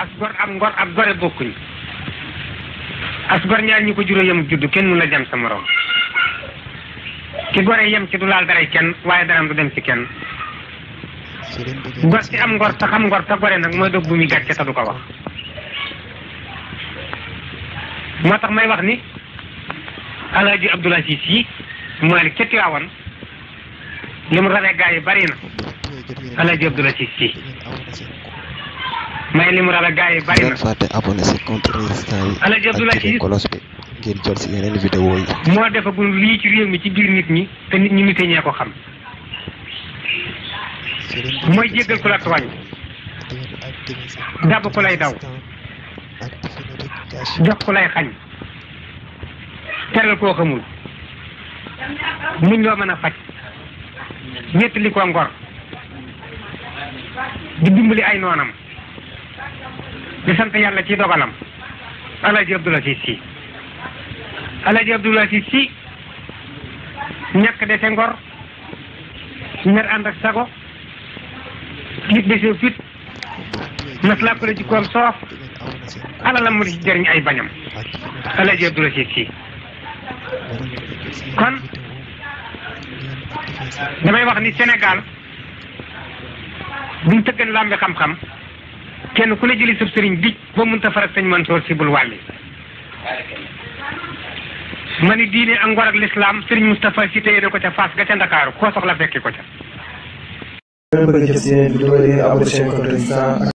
asgor gor ak ngor ak gore bokkuñ as gor ñaar ñi ko juróo yam judd kenn mu la jam sa morom ki gore yam ci du laal dara kenn waaye dara du dem ci kenn ngor ci am ngor ta xam ngor ta gore nag mooy dog bu mi gàcce ta du ko wax moo tax may wax ni alaaji abdul asis yi malik ca tiwaawan li mu rawee gaa yi bari na alaaji abdul asis may limu la gars yi bari na. fàtte abonné si compte Résista du la ci kolos bi ngir jot si yeneen vidéo yi. moo defagul lii ci réew mi ci biir nit ñi te nit ñi nite ñee ko xam. mooy jéggal ku la tooñ. dab ku lay daw. jox ku lay xañ. teral koo xamul. muñ loo mën a faj. ñett li ko ngor. di dimbali ay noonam. di sant yalla ci dogalam Alaaji Abdou Aziz Sy Alaaji Abdou Aziz Sy ñàkk defe ngor ñer and ak sago nit ci fit mas la ko la jikkoom ala alalam mu di ci jëriñ ay bañam Alaaji Abdou Aziz Sy kon damay wax ni senegal buñ tëggan lambe xam-xam kenn ku ne jëli sab sëriñ dij ba munta farak sëñ Mansoor si bul wàlli ma ni diine ak ngor ak lislaam sëriñ Moustapha si téye na ko ca Fass ga Ndakaaru koo soxla fekki ko ca